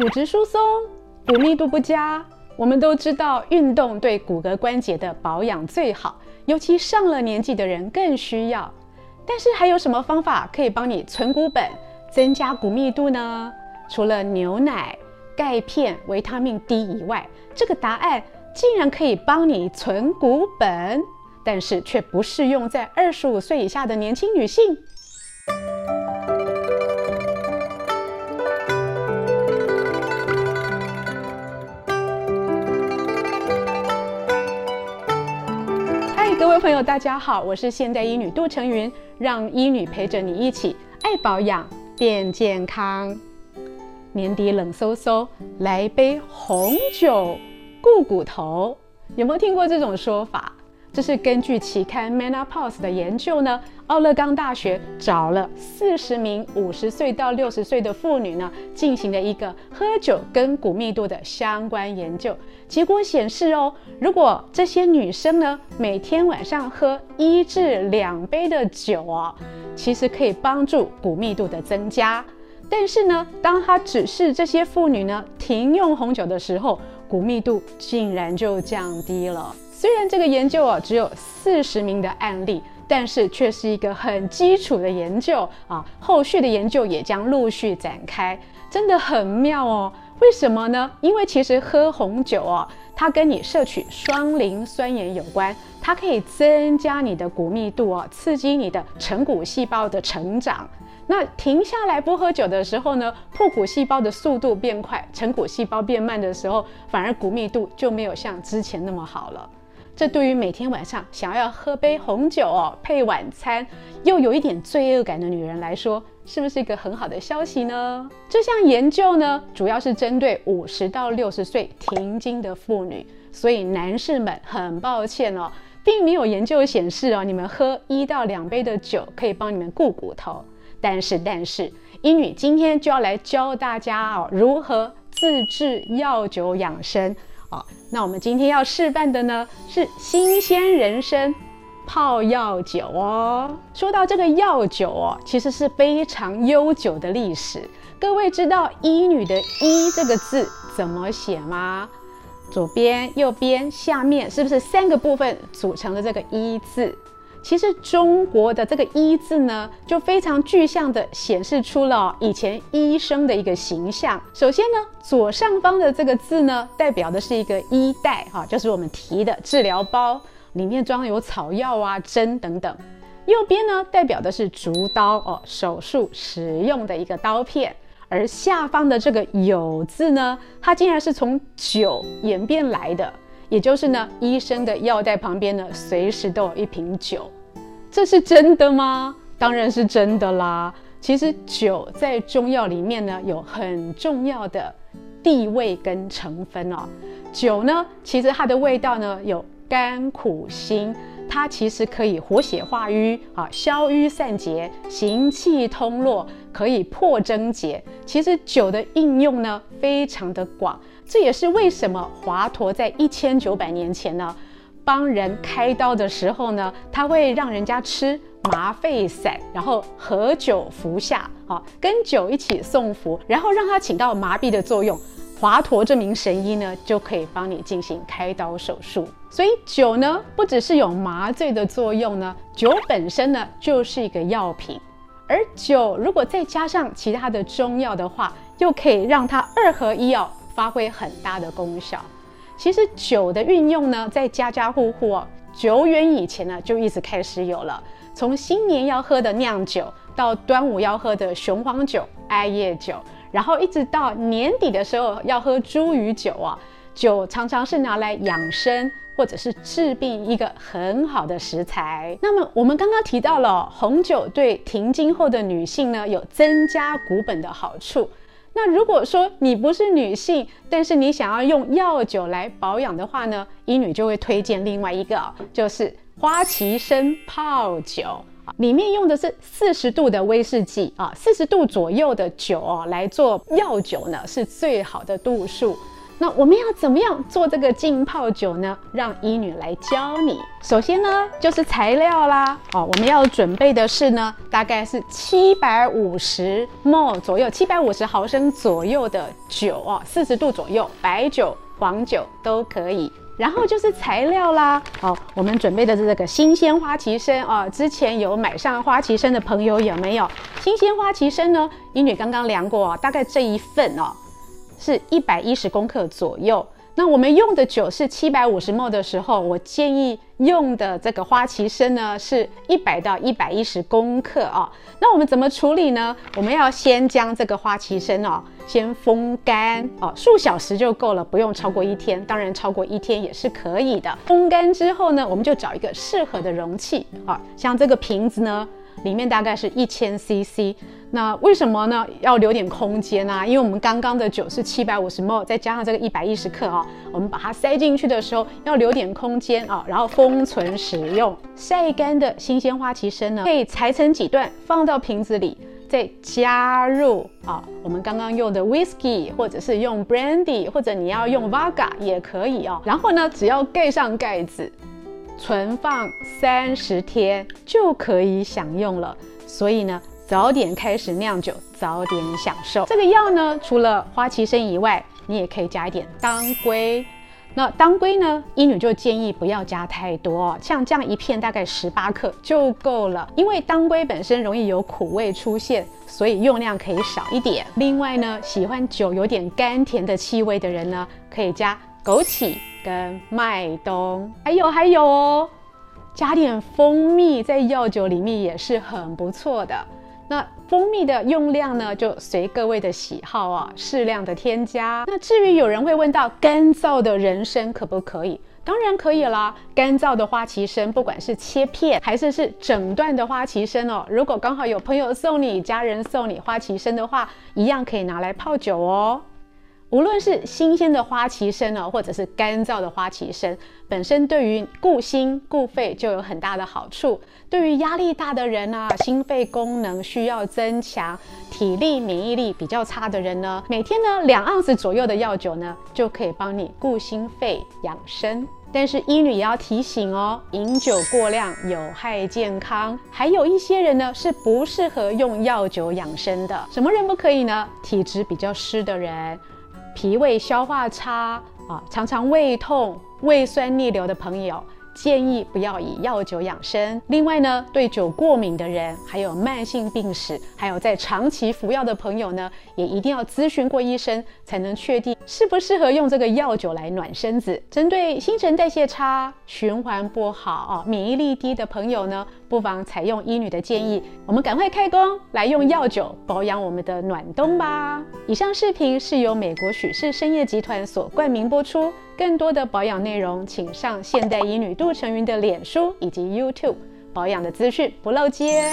骨質疏鬆，骨密度不佳。我們都知道，運動對骨骼關節的保養最好，尤其上了年紀的人更需要。但是，還有什麼方法可以幫你存骨本、增加骨密度呢？除了牛奶、鈣片、維他命 D 以外，這個答案竟然可以幫你存骨本，但是卻不適用在二十五歲以下的年輕女性。朋友，大家好，我是現代醫女杜成云，讓醫女陪着你一起愛保養變健康。年底冷颼颼，來一杯紅酒顧骨頭，有沒有聽過這種說法？這是根據期刊《Menopause》的研究呢，奧勒岡大學找了四十名五十歲到六十歲的婦女呢，進行了一個喝酒跟骨密度的相關研究。結果顯示哦，如果這些女生呢，每天晚上喝一至兩杯的酒哦，其實可以幫助骨密度的增加。但是呢，當她指示這些婦女呢，停用紅酒的時候，骨密度竟然就降低了。雖然這個研究哦，只有四十名的案例，但是卻是一個很基礎的研究啊，後續的研究也將陸續展開，真的很妙哦。為什麼呢？因為其實喝紅酒哦，它跟你攝取雙磷酸鹽有關，它可以增加你的骨密度哦，刺激你的成骨細胞的成長。那停下來不喝酒的時候呢，破骨細胞的速度變快，成骨細胞變慢的時候，反而骨密度就沒有像之前那麼好了。這對於每天晚上想要喝杯紅酒哦配晚餐，又有一點罪惡感的女人來說，是不是一個很好的消息呢？這項研究呢，主要是針對五十到六十歲停經的婦女，所以男士們很抱歉哦，並沒有研究顯示哦，你們喝一到兩杯的酒可以幫你們顧骨頭。但是但是，英女今天就要來教大家哦，如何自制藥酒養生。好、哦，那我們今天要示範的呢，是新鮮人參泡藥酒哦。說到這個藥酒哦，其實是非常悠久的歷史。各位知道“醫女”的“醫”這個字怎麼寫嗎？左邊、右邊、下面，是不是三個部分組成的這個“醫”字？其實中國的這個“醫”字呢，就非常具象的顯示出了以前醫生的一個形象。首先呢，左上方的這個字呢，代表的是一個醫袋哈，就是我們提的治療包，裡面裝有草藥啊、針等等。右邊呢，代表的是竹刀哦、啊，手術使用的一個刀片。而下方的這個“酉”字呢，它竟然是從“酒”演變來的。也就是呢，醫生的藥袋旁邊呢，隨時都有一瓶酒。這是真的嗎？當然是真的啦。其實酒在中藥裡面呢，有很重要的地位跟成分哦、啊。酒呢，其實它的味道呢，有甘苦辛、苦、辛。它其實可以活血化瘀啊，消瘀散結，行氣通絡，可以破症結。其實酒的應用呢，非常的廣，這也是為什麼華佗在一千九百年前呢，幫人開刀的時候呢，他會讓人家吃麻沸散，然後和酒服下，啊，跟酒一起送服，然後讓它起到麻痹的作用。華佗這名神醫呢，就可以幫你進行開刀手術。所以酒呢，不只是有麻醉的作用呢，酒本身呢就是一個藥品，而酒如果再加上其他的中藥的話，又可以讓它二合一哦，發揮很大的功效。其實酒的運用呢，在家家戶戶哦，久遠以前呢，就一直開始有了。從新年要喝的釀酒，到端午要喝的雄黃酒、艾葉酒。然後一直到年底的時候要喝茱萸酒啊，酒常常是拿來養生或者是治病一個很好的食材。那麼我們剛剛提到了，哦，紅酒對停經後的女性呢有增加骨本的好處。那如果說你不是女性，但是你想要用藥酒來保養的話呢，醫女就會推薦另外一個，哦，就是花旗參泡酒。裡面用的是四十度的威士忌啊，四十度左右的酒哦，來做藥酒呢是最好的度數。那我們要怎麼樣做這個浸泡酒呢？讓醫女來教你。首先呢，就是材料啦，哦，我們要準備的是呢，大概是七百五十 ml 左右，七百五十毫升左右的酒哦，啊，四十度左右，白酒、黃酒都可以。然後就是材料啦，好、哦，我們準備的是這個新鮮花旗參哦，之前有買上花旗參的朋友有沒有？新鮮花旗參呢？因為剛剛量過啊、哦，大概這一份哦，是一百一十公克左右。那我們用的酒是七百五十 ml 的時候，我建議用的這個花旗參呢是一百到一百一十公克啊、哦。那我們怎麼處理呢？我們要先將這個花旗參哦先風乾哦，數小時就夠了，不用超過一天。當然，超過一天也是可以的。風乾之後呢，我們就找一個適合的容器啊、哦，像這個瓶子呢。裡面大概是一千 CC，那為什麼呢？要留點空間啊？因為我們剛剛的酒是七百五十 ml，再加上這個一百一十克啊，我們把它塞進去的時候要留點空間啊、哦，然後封存使用。曬乾的新鮮花旗參呢，可以裁成幾段，放到瓶子裡，再加入啊、哦，我們剛剛用的 whisky 或者是用 brandy，或者你要用 vodka 也可以啊、哦。然後呢，只要蓋上蓋子。存放三十天就可以享用了，所以呢，早點開始釀酒，早點享受。這個藥呢，除了花旗參以外，你也可以加一點當歸。那當歸呢，醫女就建議不要加太多哦，像這樣一片大概十八克就夠了。因為當歸本身容易有苦味出現，所以用量可以少一點。另外呢，喜歡酒有點甘甜的氣味的人呢，可以加。枸杞跟麥冬，還有還有哦，加點蜂蜜在藥酒裡面也是很不錯的。那蜂蜜的用量呢，就隨各位的喜好啊、哦，適量的添加。那至於有人會問到乾燥的人參可不可以？當然可以啦，乾燥的花旗參，不管是切片還是是整段的花旗參哦，如果剛好有朋友送你、家人送你花旗參的話，一樣可以拿來泡酒哦。無論是新鮮的花旗參哦，或者是乾燥的花旗參，本身對於固心固肺就有很大的好處。對於壓力大的人呢，啊，心肺功能需要增強，體力免疫力比較差的人呢，每天呢兩盎司左右的藥酒呢，就可以幫你固心肺養生。但是醫女也要提醒哦，飲酒過量有害健康。還有一些人呢是不適合用藥酒養生的。什麼人不可以呢？體質比較濕的人。脾胃消化差啊，常常胃痛、胃酸逆流的朋友。建議不要以藥酒養生。另外呢，對酒過敏的人，還有慢性病史，還有在長期服藥的朋友呢，也一定要諮詢過醫生，才能確定適不適合用這個藥酒來暖身子。針對新陳代謝差、循環不好、啊、免疫力低的朋友呢，不妨採用醫女的建議，我們趕快開工來用藥酒保養我們的暖冬吧。以上視頻是由美國許氏參業集團所冠名播出。更多的保養內容，請上現代醫女杜成云的臉書以及 YouTube 保養的資訊不漏接。